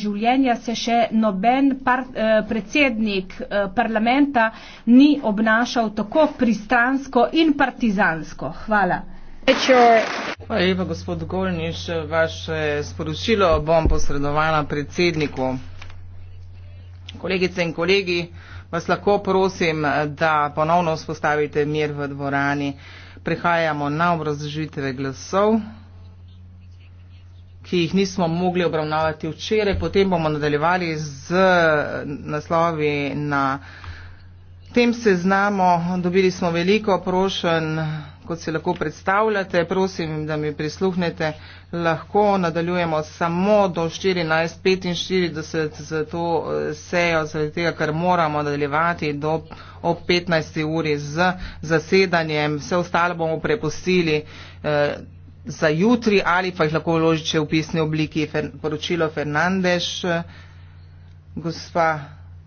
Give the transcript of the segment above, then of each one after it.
življenja se še noben par, eh, predsednik eh, parlamenta ni obnašal tako pristransko in partizansko. Hvala. Hvala lepa, gospod Golniš. Vaše sporočilo bom posredovala predsedniku. Kolegice in kolegi, vas lahko prosim, da ponovno vzpostavite mir v dvorani. Prihajamo na obrazložitve glasov ki jih nismo mogli obravnavati včeraj. Potem bomo nadaljevali z naslovi na tem seznamu. Dobili smo veliko prošen, kot si lahko predstavljate. Prosim, da mi prisluhnete. Lahko nadaljujemo samo do 14.45 za to sejo, zaradi tega, ker moramo nadaljevati do ob 15. uri z zasedanjem. Vse ostalo bomo prepustili. Eh, za jutri ali pa jih lahko vložite v pisni obliki fer, poročilo Fernandež. Gospa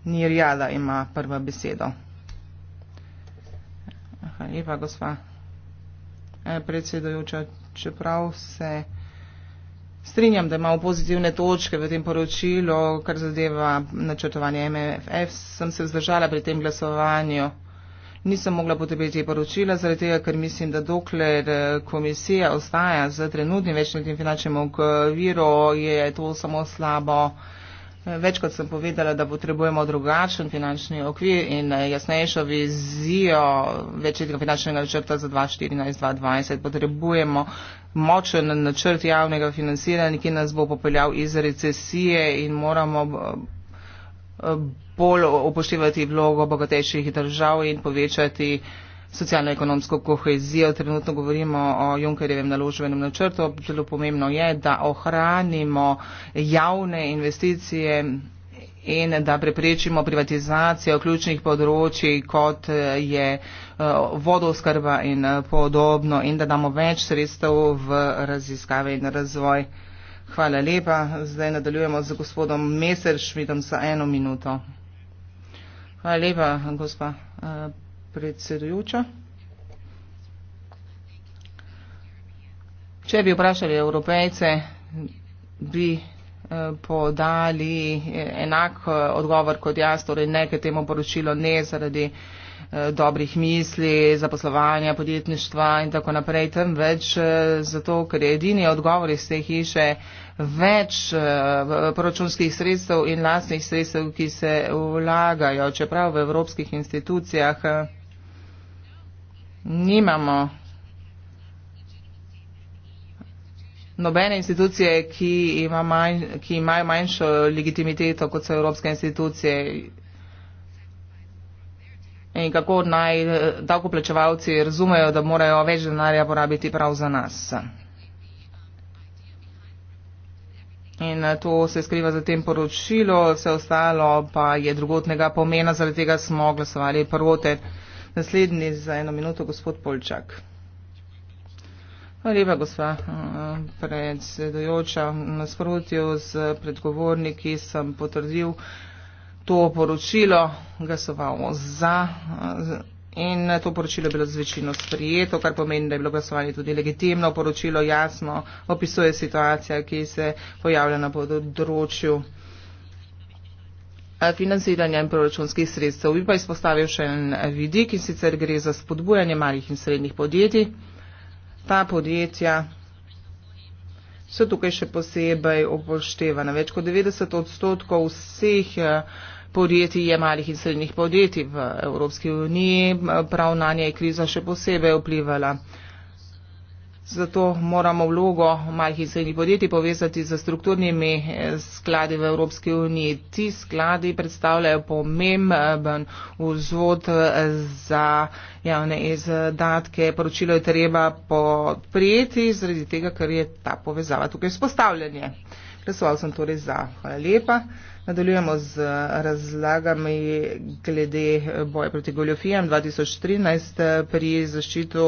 Nirjada ima prvo besedo. Hvala lepa, gospa eh, predsedojoča. Čeprav se strinjam, da imamo pozitivne točke v tem poročilu, kar zadeva načrtovanje MFF, sem se vzdržala pri tem glasovanju nisem mogla potrebiti poročila, zaradi tega, ker mislim, da dokler eh, komisija ostaja z trenutnim večletnim finančnim okviru, je to samo slabo. Eh, več kot sem povedala, da potrebujemo drugačen finančni okvir in eh, jasnejšo vizijo večjega finančnega načrta za 2014-2020. Potrebujemo močen načrt javnega financiranja, ki nas bo popeljal iz recesije in moramo bolj upoštevati vlogo bogatejših držav in povečati socialno-ekonomsko kohezijo. Trenutno govorimo o Junkerjevem naložbenem načrtu. Zelo pomembno je, da ohranimo javne investicije in da preprečimo privatizacijo ključnih področji, kot je eh, vodovskrba in eh, podobno, in da damo več sredstev v raziskave in razvoj. Hvala lepa. Zdaj nadaljujemo z gospodom Mesersvidom za eno minuto. Hvala lepa, gospa uh, predsedujoča. Če bi vprašali evropejce, bi eh, podali eh, enak odgovor kot jaz, torej ne k temu poročilu, ne zaradi uh, Eh, dobrih misli, zaposlovanja, podjetništva in tako naprej, temveč eh, zato, ker je edini odgovor iz te hiše več eh, proračunskih sredstev in lastnih sredstev, ki se vlagajo, čeprav v evropskih institucijah nimamo nobene institucije, ki, ima manj, ki imajo manjšo legitimiteto kot so evropske institucije in kako naj eh, davkoplačevalci razumejo, da morajo več denarja porabiti prav za nas. In eh, to se skriva za tem poročilo, vse ostalo pa je drugotnega pomena, zaradi tega smo glasovali prvote. Naslednji za eno minuto, gospod Polčak. Hvala lepa, gospa eh, predsedojoča. Na sprotju z predgovorniki sem potrdil, to poročilo, glasovalo za eh, in to poročilo je bilo z večino sprijeto, kar pomeni, da je bilo glasovanje tudi legitimno. Poročilo jasno opisuje situacijo, ki se pojavlja na področju eh, financiranja in proračunskih sredstev. Bi pa izpostavil še en vidik in sicer gre za spodbujanje malih in srednjih podjetij. Ta podjetja so tukaj še posebej upoštevane. Več kot 90 odstotkov vseh eh, podjetij je malih in srednjih podjetij v Evropski uniji, prav na nje je kriza še posebej vplivala. Zato moramo vlogo malih in srednjih podjetij povezati z strukturnimi eh, skladi v Evropski uniji. Ti skladi predstavljajo pomemben vzvod eh, za javne izdatke. Poročilo je treba podprijeti zaradi tega, ker je ta povezava tukaj vzpostavljanje. Glasoval sem torej za. Hvala lepa. Nadaljujemo z razlagami glede boja proti goljofijam 2013 pri zaščitu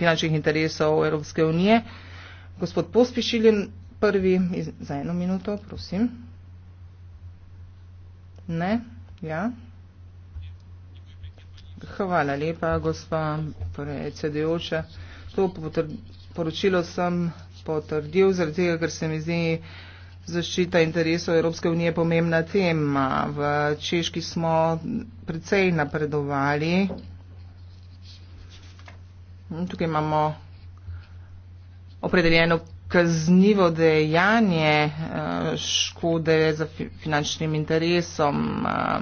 finančnih interesov Evropske unije. Gospod Pospišiljen, prvi za eno minuto, prosim. Ne? Ja? Hvala lepa, gospa predsedujoča. To poročilo sem potrdil, zaradi tega, ker se mi zdi, zaščita interesov Evropske unije pomembna tema. V Češki smo precej napredovali. Tukaj imamo opredeljeno kaznivo dejanje eh, škode za finančnim interesom. Eh,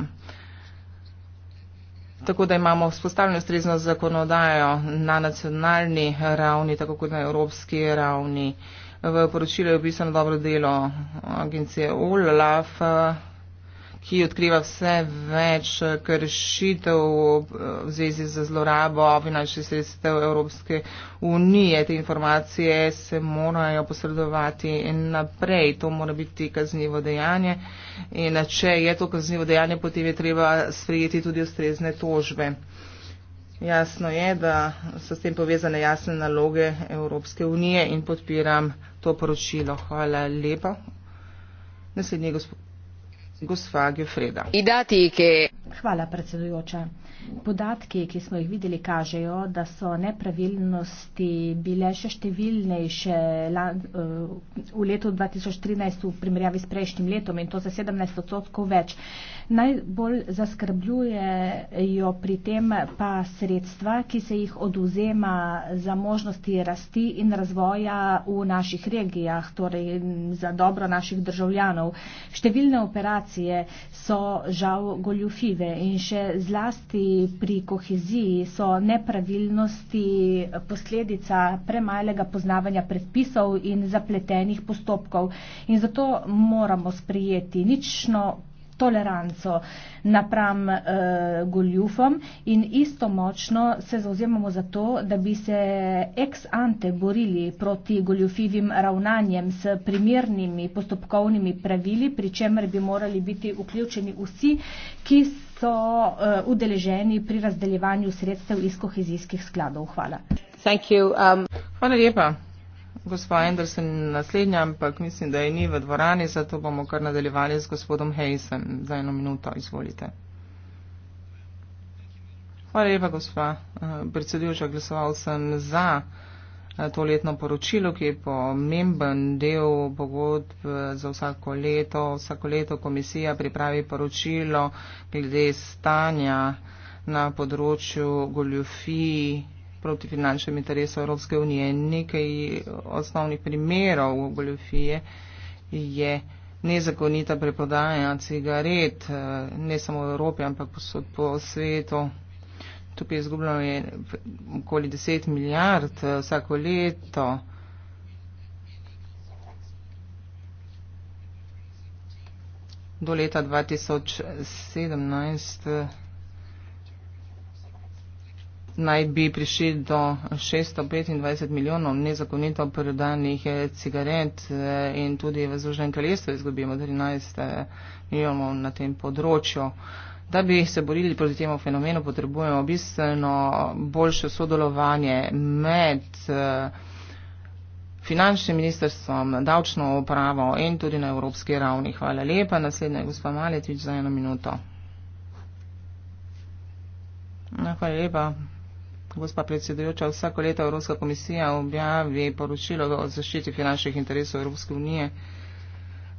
tako da imamo vzpostavljeno strezno zakonodajo na nacionalni ravni, tako kot na evropski ravni. V poročilu je opisano dobro delo agencije OLAF, ki odkriva vse več kršitev v zvezi z zlorabo finančnih sredstev Evropske unije. Te informacije se morajo posredovati in naprej. To mora biti kaznivo dejanje. In če je to kaznivo dejanje, potem je treba sprejeti tudi ustrezne tožbe. Jasno je, da so s tem povezane jasne naloge Evropske unije in podpiram to poročilo. Hvala lepa. Naslednji gospod gospa Gefreda. Hvala, predsedujoča. Podatki, ki smo jih videli, kažejo, da so nepravilnosti bile še številnejše eh, v letu 2013 v primerjavi s prejšnjim letom in to za 17 odstotkov več. Najbolj zaskrbljujejo pri tem pa sredstva, ki se jih oduzema za možnosti rasti in razvoja v naših regijah, torej za dobro naših državljanov. Številne operacije generacije so žal goljufive in še zlasti pri koheziji so nepravilnosti posledica premalega poznavanja predpisov in zapletenih postopkov. In zato moramo sprijeti nično toleranco napram eh, goljufom in isto močno se zauzemamo za to, da bi se ex ante borili proti goljufivim ravnanjem s primernimi postopkovnimi pravili, pri čemer bi morali biti vključeni vsi, ki so eh, udeleženi pri razdeljevanju sredstev iz kohezijskih skladov. Hvala. Thank you, um... Hvala lepa gospa Anderson naslednja, ampak mislim, da je ni v dvorani, zato bomo kar nadaljevali z gospodom Hejsem za eno minuto. Izvolite. Hvala lepa, gospa eh, predsedujoča. Glasoval sem za eh, to letno poročilo, ki je pomemben del pogodb eh, za vsako leto. Vsako leto komisija pripravi poročilo glede stanja na področju goljofij proti finančnim interesom Evropske unije. Nekaj osnovnih primerov goljofije je nezakonita preprodaja cigaret, eh, ne samo v Evropi, ampak posod po svetu. Tukaj izgubljamo je okoli 10 milijard eh, vsako leto. Do leta 2017 naj bi prišli do 625 milijonov nezakonito prodanih eh, cigaret eh, in tudi v Združenem kraljestvu izgubimo 13 eh, milijonov na tem področju. Da bi se borili proti temu fenomenu, potrebujemo bistveno boljše sodelovanje med finančnim ministrstvom, davčno upravo in tudi na evropski ravni. Hvala lepa. Naslednja je gospa Maletič za eno minuto. No, hvala lepa. Gospa predsedujoča, vsako leto Evropska komisija objavi poročilo o zaščiti finančnih interesov Evropske unije.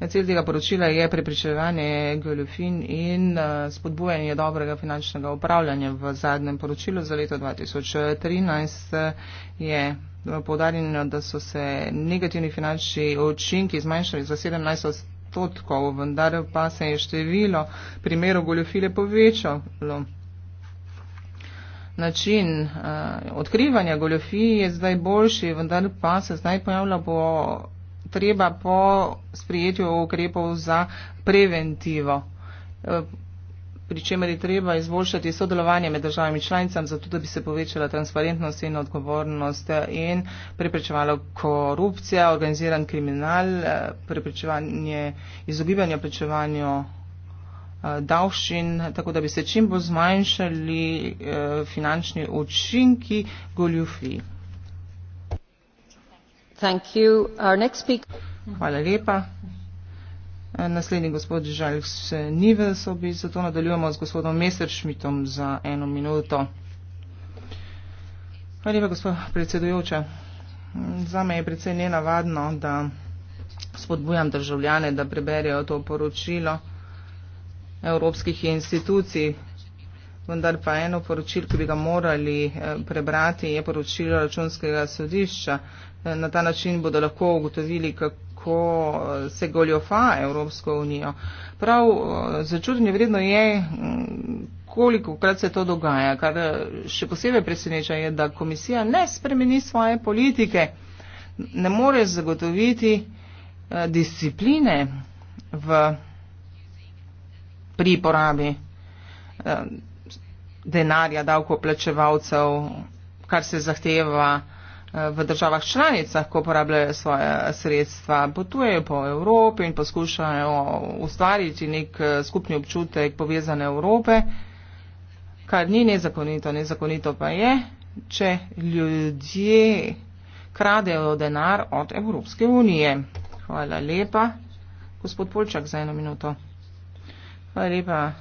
Cilj tega poročila je prepričevanje goljofin in eh, spodbujanje dobrega finančnega upravljanja. V zadnjem poročilu za leto 2013 eh, je eh, povdarjeno, da so se negativni finančni učinki zmanjšali za 17 odstotkov, vendar pa se je število primerov goljofile povečalo način uh, odkrivanja goljofij je zdaj boljši, vendar pa se zdaj pojavlja bo treba po sprijetju ukrepov za preventivo. Eh, Pričemer je treba izboljšati sodelovanje med državami članicam, zato da bi se povečala transparentnost in odgovornost eh, in preprečevala korupcija, organiziran kriminal, preprečevanje, izogibanje plačevanju Eh, davščin, tako da bi se čim bolj zmanjšali eh, finančni učinki goljufij. Hvala lepa. Eh, naslednji gospod Žaljks Nivelsobi, zato nadaljujemo z gospodom Messerschmittom za eno minuto. Hvala lepa, gospod predsedujoča. Zame je predvsej nenavadno, da spodbujam državljane, da preberejo to poročilo evropskih institucij. Vendar pa eno poročilo, ki bi ga morali eh, prebrati, je poročilo računskega sodišča. Eh, na ta način bodo lahko ugotovili, kako eh, se goljofa Evropsko unijo. Prav začudenje vredno je, mm, koliko krat se to dogaja. Kar še posebej preseneča je, da komisija ne spremeni svoje politike, ne more zagotoviti discipline v pri porabi eh, denarja davkoplačevalcev, kar se zahteva eh, v državah članicah, ko porabljajo svoje sredstva, potujejo po Evropi in poskušajo ustvariti nek eh, skupni občutek povezane Evrope, kar ni nezakonito. Nezakonito pa je, če ljudje kradejo denar od Evropske unije. Hvala lepa, gospod Polčak, za eno minuto. Hvala lepa,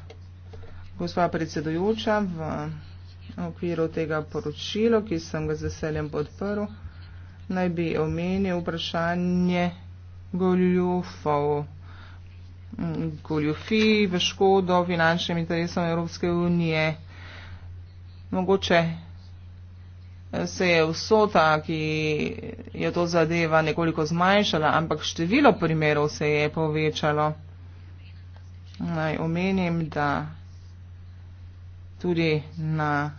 gospa predsedujoča, v okviru tega poročila, ki sem ga z veseljem podprl, naj bi omenil vprašanje goljufov, goljufij v škodo finančnim interesom Evropske unije. Mogoče se je vsota, ki je to zadeva, nekoliko zmanjšala, ampak število primerov se je povečalo naj omenim, da tudi na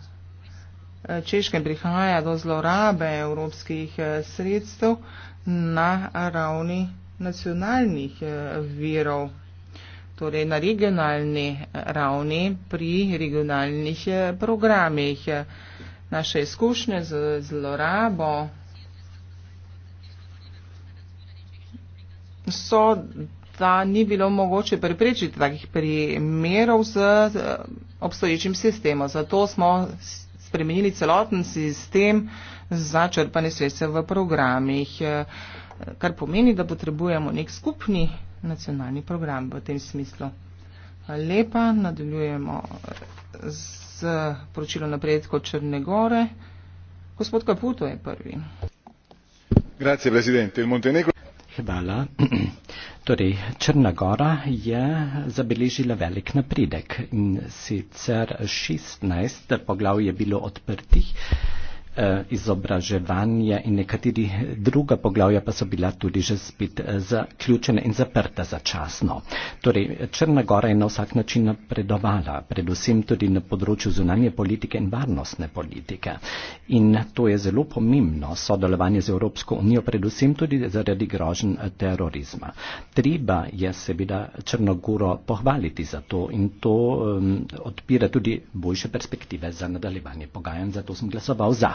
eh, Češkem prihaja do zlorabe evropskih eh, sredstev na ravni nacionalnih eh, virov, torej na regionalni ravni pri regionalnih programih. Naše izkušnje z zlorabo so da ni bilo mogoče preprečiti takih primerov z, z obstoječim sistemom. Zato smo spremenili celoten sistem za črpanje sredstev v programih, eh, kar pomeni, da potrebujemo nek skupni nacionalni program v tem smislu. Lepa, nadaljujemo z poročilo napredko Črne Gore. Gospod Kaputo je prvi. Grazie, Presidente. Montenegro. Hvala. Torej, Črna Gora je zabeležila velik napredek in sicer 16 poglav je bilo odprtih. Eh, izobraževanje in nekateri druga poglavja pa so bila tudi že spet eh, zaključena in zaprta začasno. Torej, Črna Gora je na vsak način napredovala, predvsem tudi na področju zunanje politike in varnostne politike. In to je zelo pomembno, sodelovanje z Evropsko unijo, predvsem tudi zaradi grožen eh, terorizma. Treba je seveda Črnogoro pohvaliti za to in to um, odpira tudi boljše perspektive za nadaljevanje pogajanj, zato sem glasoval za.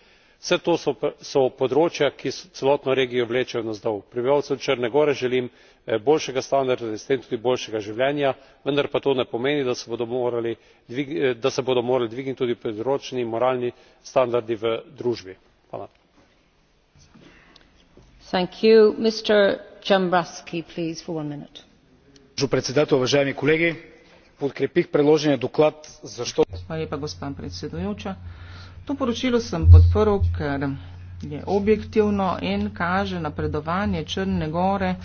vse to so področja ki celotno regijo vlečejo navzdol. prebivalcem črne gore želim eh, boljšega standarda in s tem tudi boljšega življenja vendar pa to ne pomeni da se bodo morali eh, dvigniti tudi področni moralni standardi v družbi. To poročilo sem podprl, ker je objektivno in kaže napredovanje Črne gore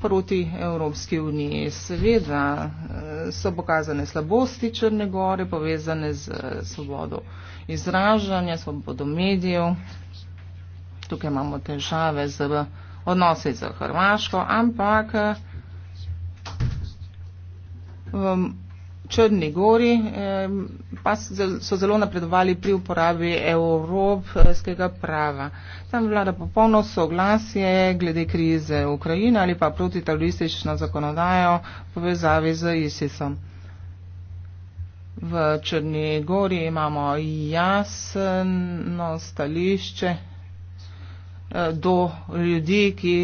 proti Evropski uniji. Seveda eh, so pokazane slabosti Črne gore, povezane z eh, svobodo izražanja, svobodo medijev. Tukaj imamo težave z odnosi z Hrvaško, ampak eh, Črni gori pa so zelo napredovali pri uporabi evropskega prava. Tam vlada popolno soglasje glede krize Ukrajine ali pa protiteroristično zakonodajo povezavi z ISIS-om. V Črni gori imamo jasno stališče eh, do ljudi, ki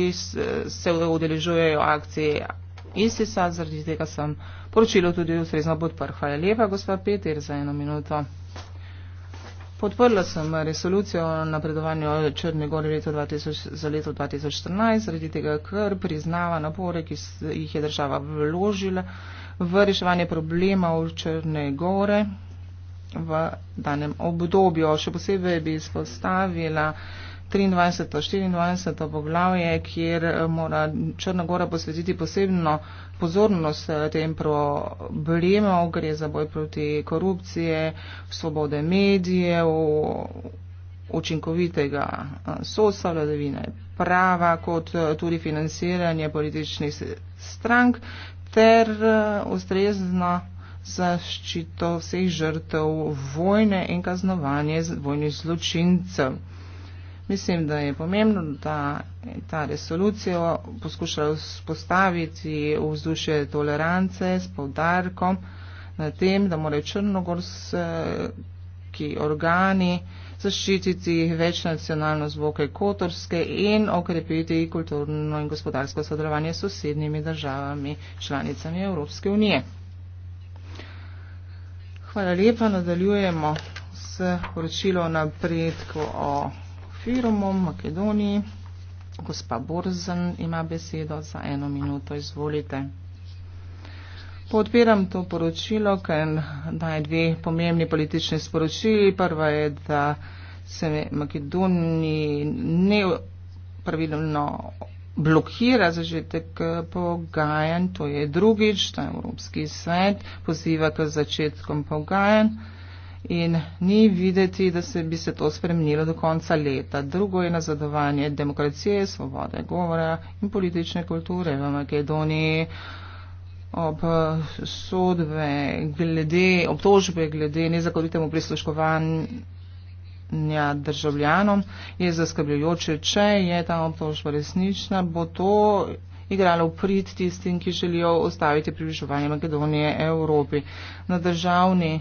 se udeležujejo akcije in sisa, zaradi tega sem poročilo tudi ustrezno podprl. Hvala lepa, gospod Peter, za eno minuto. Podprla sem resolucijo o napredovanju Črne gore leto 2000, za leto 2014, zaradi tega, ker priznava napore, ki jih je država vložila v reševanje problema v Črne gore v danem obdobju. Še posebej bi izpostavila. 23. in 24. poglavje, kjer eh, mora Črnagora posvetiti posebno pozornost eh, tem problemom, gre za boj proti korupcije, svobode medijev, učinkovitega eh, sosa, vladavine prava, kot tudi financiranje političnih strank ter ustrezna zaščito vseh žrtev vojne in kaznovanje vojnih zločincev. Mislim, da je pomembno, da ta resolucija poskuša vzpostaviti vzdušje tolerance s povdarkom na tem, da morajo črnogorski organi zaščititi večnacionalno zvoke kotorske in okrepiti kulturno in gospodarsko sodelovanje s sosednjimi državami, članicami Evropske unije. Hvala lepa, nadaljujemo s poročilo napredku o firmom v Makedoniji. Gospa Borzen ima besedo za eno minuto, izvolite. Podpiram to poročilo, ker daje dve pomembni politični sporočili. Prva je, da se Makedoniji ne pravilno blokira začetek pogajanj, to je drugič, ta Evropski svet poziva k začetkom pogajanj in ni videti, da se bi se to spremenilo do konca leta. Drugo je nazadovanje demokracije, svobode govora in politične kulture v Makedoniji ob sodbe glede, obtožbe glede nezakonitemu prisluškovanja državljanom je zaskrbljujoče, če je ta obtožba resnična, bo to igralo prid tistim, ki želijo ustaviti približovanje Makedonije Evropi. Na državni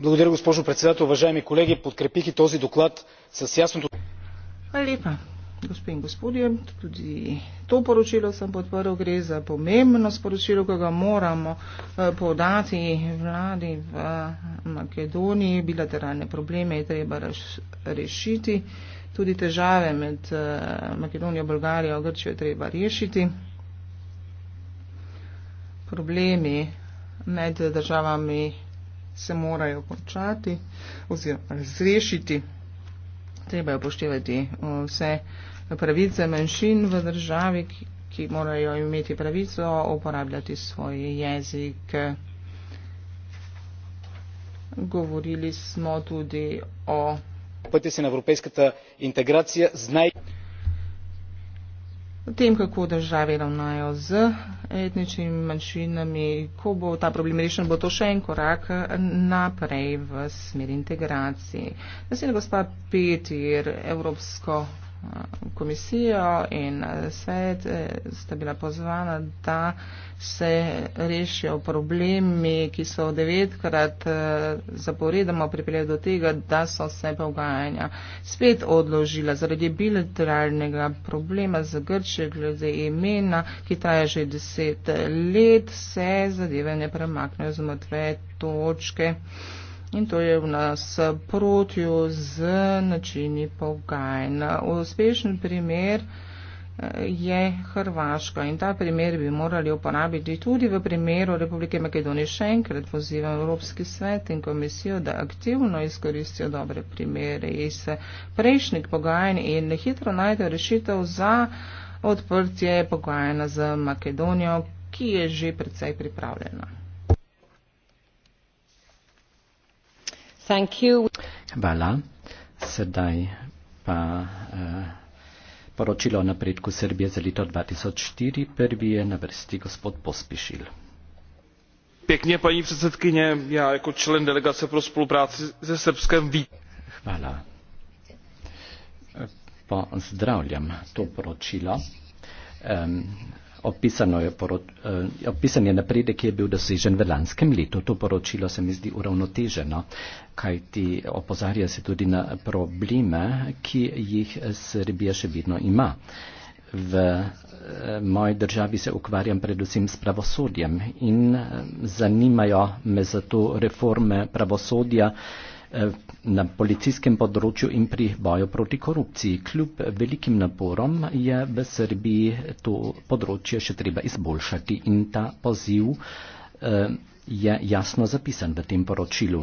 благодаря госпожо председател уважаеми колеги подкрепих и този доклад с ясното. hvala lepa gospe in gospodje tudi to poročilo sem podprl gre za pomembno sporočilo ki ga moramo eh, podati vladi v eh, makedoniji bilateralne probleme je treba rešiti tudi težave med eh, makedonijo bolgarijo grčijo je treba rešiti problemi med državami se morajo končati oziroma razrešiti. Treba je upoštevati uh, vse pravice manjšin v državi, ki morajo imeti pravico uporabljati svoj jezik. Govorili smo tudi o. Pojte se na evropejskata integracija z naj o tem, kako države ravnajo z etničnimi manjšinami. Ko bo ta problem rešen, bo to še en korak naprej v smer integracije. Naslednja gospa Petir, Evropsko komisijo in eh, svet eh, sta bila pozvana, da se rešijo problemi, ki so devetkrat eh, zaporedoma pripeljali do tega, da so se pogajanja spet odložila zaradi bilateralnega problema z Grčijo glede imena, ki traja že deset let, se zadeve ne premaknejo z mrtve točke. In to je v nas protju z načini pogajanj. Uspešen primer eh, je Hrvaška in ta primer bi morali uporabiti tudi v primeru Republike Makedonije. Še enkrat pozivam Evropski svet in komisijo, da aktivno izkoristijo dobre primere iz prejšnjih pogajanj in hitro najdejo rešitev za odprtje pogajanja z Makedonijo, ki je že predvsej pripravljena. Hvala. Sedaj pa eh, poročilo o napredku Srbije za leto 2004. Prvi je na vrsti gospod Pospišil. Pekne, paní předsedkyně, já jako člen delegace pro spolupráci se Srbskem vím. Hvala. Pozdravljam to poročilo. Um, Eh, opisan je napredek, ki je bil dosežen v lanskem letu. To poročilo se mi zdi uravnoteženo, kaj ti opozarja se tudi na probleme, ki jih Srbija še vedno ima. V eh, moji državi se ukvarjam predvsem s pravosodjem in eh, zanimajo me zato reforme pravosodja Na policijskem področju in pri boju proti korupciji kljub velikim naporom je v Srbiji to področje še treba izboljšati in ta poziv eh, je jasno zapisan v tem poročilu.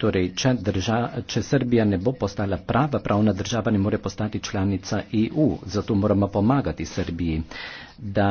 Torej, če, drža, če Srbija ne bo postala prava pravna država, ne more postati članica EU, zato moramo pomagati Srbiji, da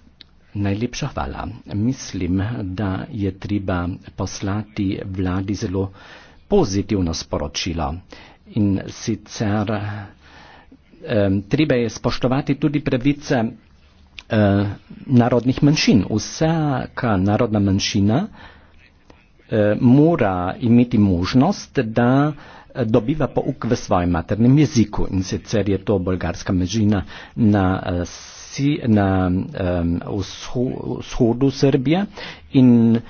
Najlepša hvala. Mislim, da je treba poslati vladi zelo pozitivno sporočilo. In sicer treba je spoštovati tudi pravice eh, narodnih manjšin. Vsaka narodna manjšina eh, mora imeti možnost, da eh, dobiva pouk v svojem maternem jeziku. In sicer je to bolgarska manjšina na si na um, vzho, vzhodu Srbije in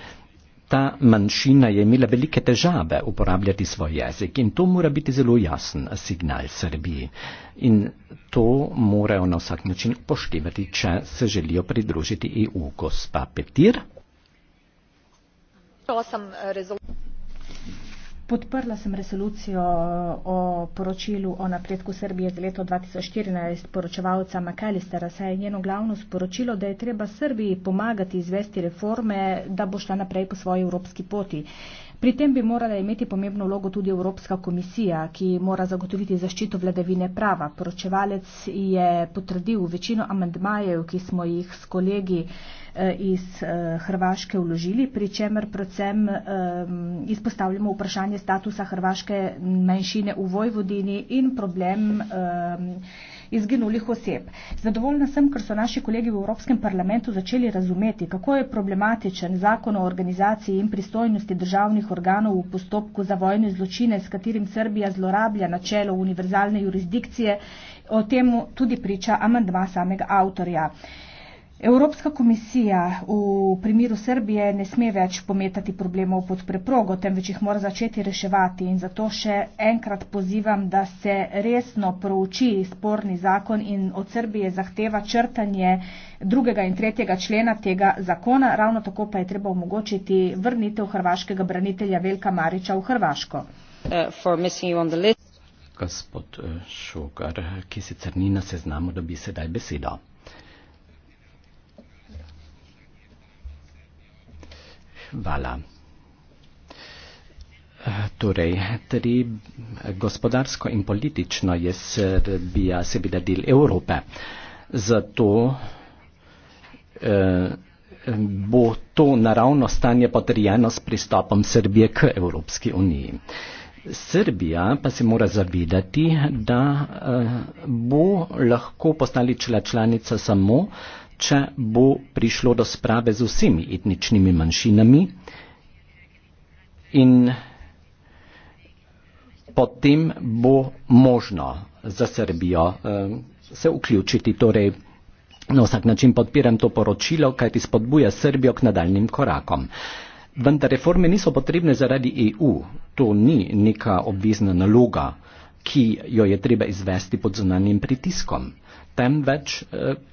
ta manjšina je imela velike težave uporabljati svoj jezik in to mora biti zelo jasen signal Srbiji. In to morajo na vsak način poštevati, če se želijo pridružiti EU. Gospa Petir. Prosim, eh, rezultat. Podprla sem resolucijo eh, o poročilu o napredku Srbije za leto 2014 poročevalca Makalistera, saj je njeno glavno sporočilo, da je treba Srbiji pomagati izvesti reforme, da bo šla naprej po svoji evropski poti. Pri tem bi morala imeti pomembno vlogo tudi Evropska komisija, ki mora zagotoviti zaščito vladavine prava. Poročevalec je potrdil večino amendmajev, ki smo jih s kolegi eh, iz eh, Hrvaške vložili, pri čemer predvsem ehm, izpostavljamo vprašanje statusa hrvaške manjšine v Vojvodini in problem ehm, izginulih oseb. Zadovoljna sem, ker so naši kolegi v Evropskem parlamentu začeli razumeti, kako je problematičen zakon o organizaciji in pristojnosti državnih organov v postopku za vojne zločine, s katerim Srbija zlorablja načelo univerzalne jurisdikcije, o tem tudi priča amandma samega avtorja. Evropska komisija v primiru Srbije ne sme več pometati problemov pod preprogo, temveč jih mora začeti reševati in zato še enkrat pozivam, da se resno prouči sporni zakon in od Srbije zahteva črtanje drugega in tretjega člena tega zakona, ravno tako pa je treba omogočiti vrnitev hrvaškega branitelja Velka Mariča v Hrvaško. Uh, Gospod eh, Šukar, ki sicer ni na seznamu, dobi sedaj besedo. vala. Torej, tri gospodarsko in politično je Srbija seveda del Evrope. Zato eh, bo to naravno stanje potrjeno s pristopom Srbije k Evropski uniji. Srbija pa se mora zavedati, da eh, bo lahko postali člena članica samo, če bo prišlo do sprave z vsemi etničnimi manjšinami in potem bo možno za Srbijo eh, se vključiti. Torej, na vsak način podpiram to poročilo, kajti spodbuja Srbijo k nadaljnim korakom. Vendar reforme niso potrebne zaradi EU. To ni neka obvezna naloga, ki jo je treba izvesti pod zunanjim pritiskom. Temveč eh,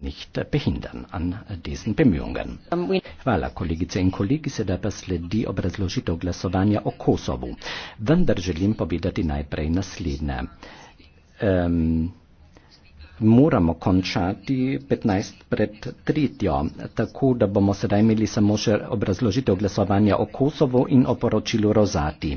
nicht behindern an diesen Bemühungen. Hvala kolegice in kolegi, sedaj pa sledi obrazložitev glasovanja o Kosovu. Vendar želim povedati najprej naslednje. Um, moramo končati 15 pred tretjo, tako da bomo sedaj imeli samo še obrazložitev glasovanja o Kosovu in o poročilu Rozati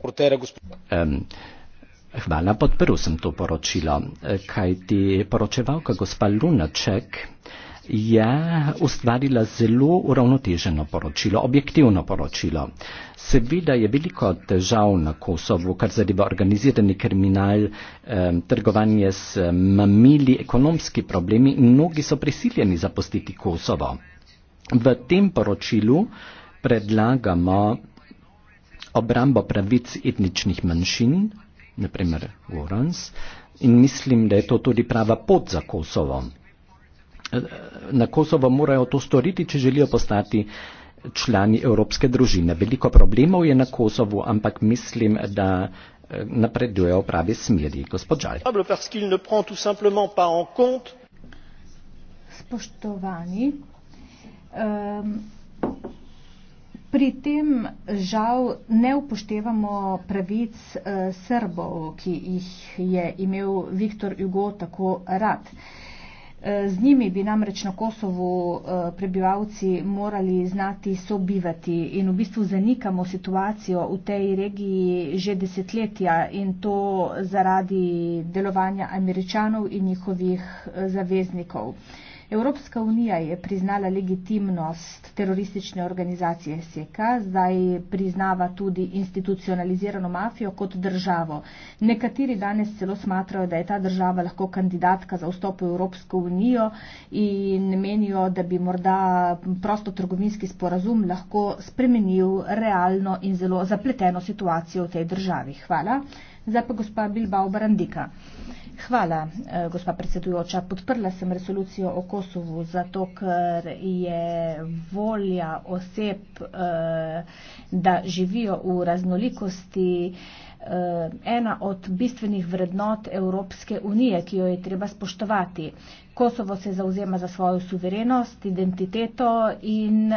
Ortega gospod. Hvala, podprl sem to poročilo, kajti poročevalka gospa Lunaček je ustvarila zelo uravnoteženo poročilo, objektivno poročilo. Seveda je veliko težav na Kosovu, kar zadeva organizirani kriminal, trgovanje s mamili, ekonomski problemi in mnogi so prisiljeni zapustiti Kosovo. V tem poročilu predlagamo obrambo pravic etničnih manjšin, naprimer Orans, in mislim, da je to tudi prava pot za Kosovo. Na Kosovo morajo to storiti, če želijo postati člani evropske družine. Veliko problemov je na Kosovu, ampak mislim, da eh, napreduje v pravi smeri. Gospod Žal. Spoštovani. Um, Pri tem žal ne upoštevamo pravic eh, Srbov, ki jih je imel Viktor Jugo tako rad. Eh, z njimi bi namreč na Kosovu eh, prebivalci morali znati sobivati in v bistvu zanikamo situacijo v tej regiji že desetletja in to zaradi delovanja američanov in njihovih eh, zaveznikov. Evropska unija je priznala legitimnost teroristične organizacije SEKA, zdaj priznava tudi institucionalizirano mafijo kot državo. Nekateri danes celo smatrajo, da je ta država lahko kandidatka za vstop v Evropsko unijo in menijo, da bi morda prosto trgovinski sporazum lahko spremenil realno in zelo zapleteno situacijo v tej državi. Hvala. Zdaj pa gospa Bilbao Brandika. Hvala, eh, gospa predsedujoča. Podprla sem resolucijo o Kosovu, zato ker je volja oseb, eh, da živijo v raznolikosti eh, ena od bistvenih vrednot Evropske unije, ki jo je treba spoštovati. Kosovo se zauzema za svojo suverenost, identiteto in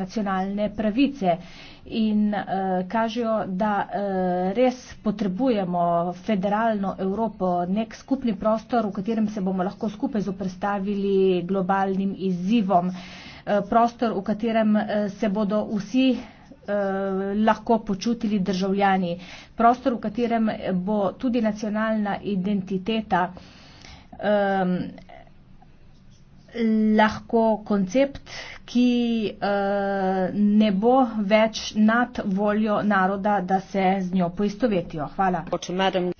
nacionalne pravice in eh, kažejo, da eh, res potrebujemo federalno Evropo, nek skupni prostor, v katerem se bomo lahko skupaj zoprstavili globalnim izzivom, eh, prostor, v katerem eh, se bodo vsi eh, lahko počutili državljani, prostor, v katerem bo tudi nacionalna identiteta. Eh, lahko koncept, ki uh, ne bo več nad voljo naroda, da se z njo poistovetijo. Hvala.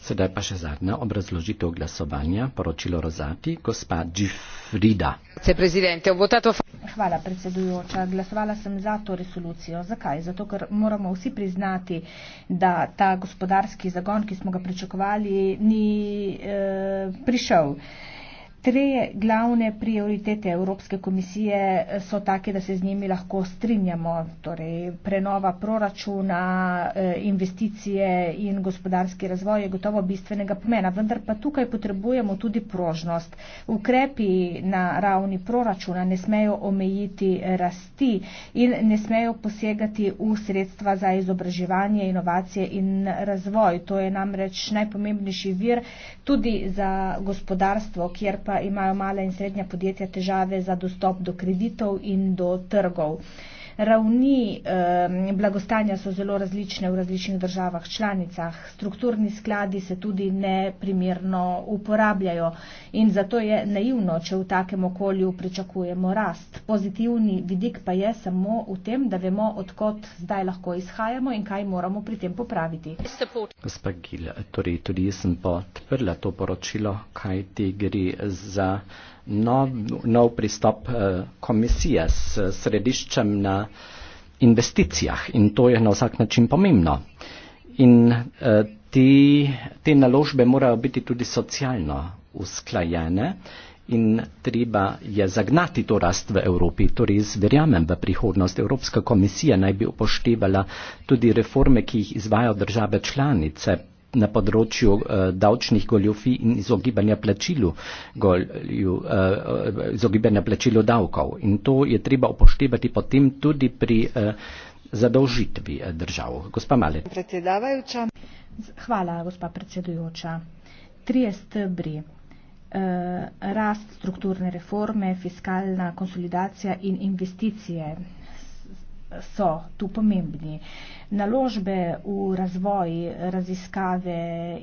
Sedaj pa še zadnja obrazložitev glasovanja, poročilo Rozati, gospa Džifrida. Hvala, predsedujoča. Glasovala sem za to resolucijo. Zakaj? Zato, ker moramo vsi priznati, da ta gospodarski zagon, ki smo ga pričakovali, ni uh, prišel. Uh, Treje glavne prioritete Evropske komisije eh, so take, da se z njimi lahko strinjamo, torej prenova proračuna, eh, investicije in gospodarski razvoj je gotovo bistvenega pomena, vendar pa tukaj potrebujemo tudi prožnost. Ukrepi na ravni proračuna ne smejo omejiti rasti in ne smejo posegati v sredstva za izobraževanje, inovacije in razvoj. To je namreč najpomembnejši vir tudi za gospodarstvo, kjer pa imajo mala in srednja podjetja težave za dostop do kreditov in do trgov. Ravni eh, blagostanja so zelo različne v različnih državah članicah. Strukturni skladi se tudi neprimerno uporabljajo in zato je naivno, če v takem okolju pričakujemo rast. Pozitivni vidik pa je samo v tem, da vemo, odkot zdaj lahko izhajamo in kaj moramo pri tem popraviti. Gospod Gil, torej tudi jaz sem podprla to poročilo, kaj ti gre za nov, nov pristop eh, komisije s središčem na investicijah in to je na vsak način pomembno. In eh, te, te naložbe morajo biti tudi socialno usklajene in treba je zagnati to rast v Evropi. Torej, verjamem v prihodnost. Evropska komisija naj bi upoštevala tudi reforme, ki jih izvajo države članice na področju uh, davčnih goljofij in izogibanja plačilu, golju, uh, izogibanja plačilu davkov. In to je treba upoštevati potem tudi pri uh, zadolžitvi držav. Gospa Malet. Predsedavajoča. Hvala, gospa predsedujoča. Trije stebri. Rast strukturne reforme, fiskalna konsolidacija in investicije so tu pomembni. Naložbe v razvoj, raziskave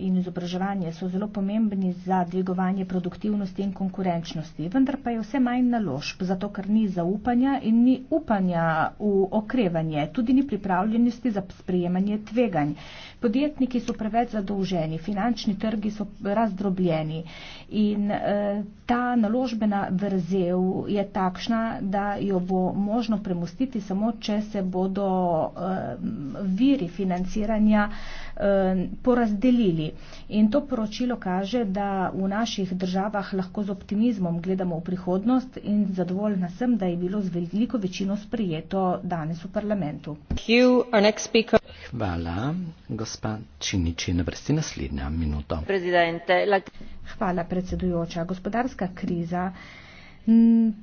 in izobraževanje so zelo pomembni za dvigovanje produktivnosti in konkurenčnosti, vendar pa je vse manj naložb, zato ker ni zaupanja in ni upanja v okrevanje, tudi ni pripravljenosti za sprejemanje tveganj. Podjetniki so preveč zadolženi, finančni trgi so razdrobljeni in eh, ta naložbena vrzel je takšna, da jo bo možno premustiti samo, če se bodo viri financiranja porazdelili. In to poročilo kaže, da v naših državah lahko z optimizmom gledamo v prihodnost in zadovoljna sem, da je bilo z veliko večino sprijeto danes v parlamentu. Hvala. Gospa Činiči, na vrsti naslednja minuto. Hvala, predsedujoča. Gospodarska kriza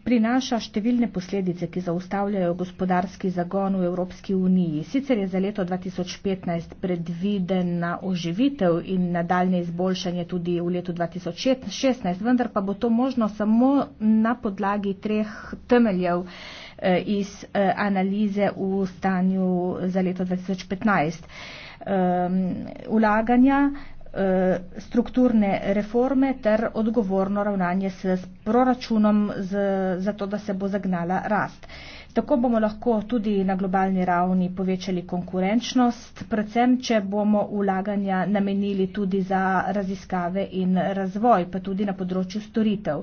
prinaša številne posledice, ki zaustavljajo gospodarski zagon v Evropski uniji. Sicer je za leto 2015 predvidena oživitev in nadaljne izboljšanje tudi v letu 2016, vendar pa bo to možno samo na podlagi treh temeljev e, iz e, analize v stanju za leto 2015. Um, e, ulaganja Eh, strukturne reforme ter odgovorno ravnanje s proračunom z, za to, da se bo zagnala rast. Tako bomo lahko tudi na globalni ravni povečali konkurenčnost, predvsem, če bomo vlaganja namenili tudi za raziskave in razvoj, pa tudi na področju storitev.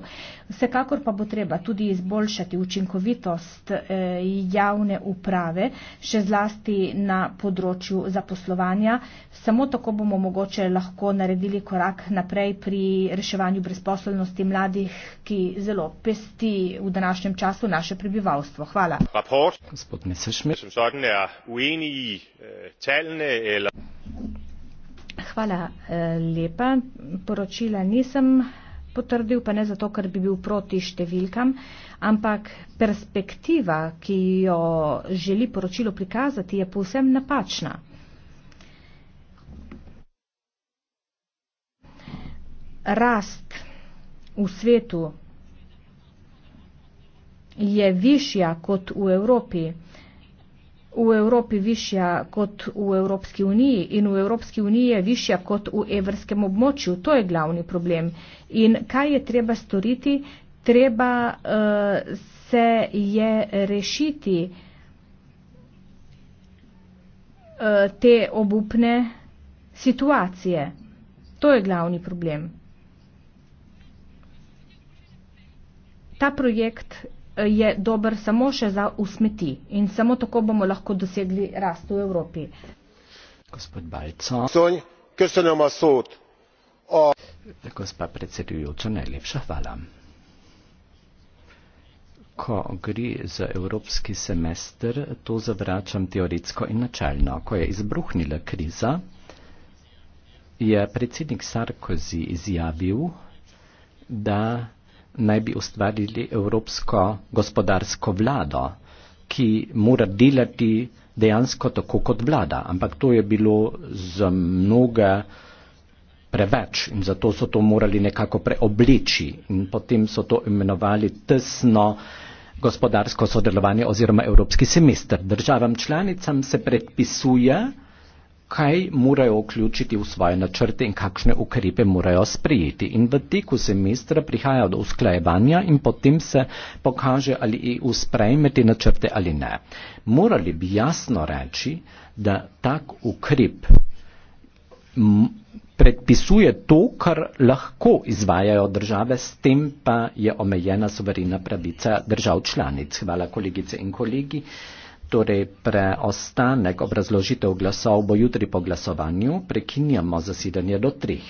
Vsekakor pa bo treba tudi izboljšati učinkovitost eh, javne uprave, še zlasti na področju zaposlovanja. Samo tako bomo mogoče lahko naredili korak naprej pri reševanju brezposelnosti mladih, ki zelo pesti v današnjem času naše prebivalstvo. Hvala rapport som sådan er uenig i øh, tallene eller Hvala eh, lepa. Poročila nisem potrdil, pa ne zato, ker bi bil proti številkam, ampak perspektiva, ki jo želi poročilo prikazati, je povsem napačna. Rast v svetu je višja kot v Evropi, v Evropi višja kot v Evropski uniji in v Evropski uniji je višja kot v evrskem območju. To je glavni problem. In kaj je treba storiti? Treba uh, se je rešiti uh, te obupne situacije. To je glavni problem. Ta projekt je dober samo še za usmeti in samo tako bomo lahko dosegli rast v Evropi. Gospod Balco. Soj, ker se nama sod. O... Gospa predsedujoča, najlepša hvala. Ko gre za evropski semester, to zavračam teoretsko in načelno. Ko je izbruhnila kriza, je predsednik Sarkozy izjavil, da naj bi ustvarili evropsko gospodarsko vlado, ki mora delati dejansko tako kot vlada. Ampak to je bilo za mnoga preveč in zato so to morali nekako preobleči in potem so to imenovali tesno gospodarsko sodelovanje oziroma evropski semester. Državam članicam se predpisuje, kaj morajo vključiti v svoje načrte in kakšne ukrepe morajo sprejeti. In v teku semestra prihaja do usklajevanja in potem se pokaže, ali EU sprejme te načrte ali ne. Morali bi jasno reči, da tak ukrep predpisuje to, kar lahko izvajajo države, s tem pa je omejena suverena pravica držav članic. Hvala kolegice in kolegi torej preostanek obrazložitev glasov bo jutri po glasovanju, prekinjamo zasedanje do treh.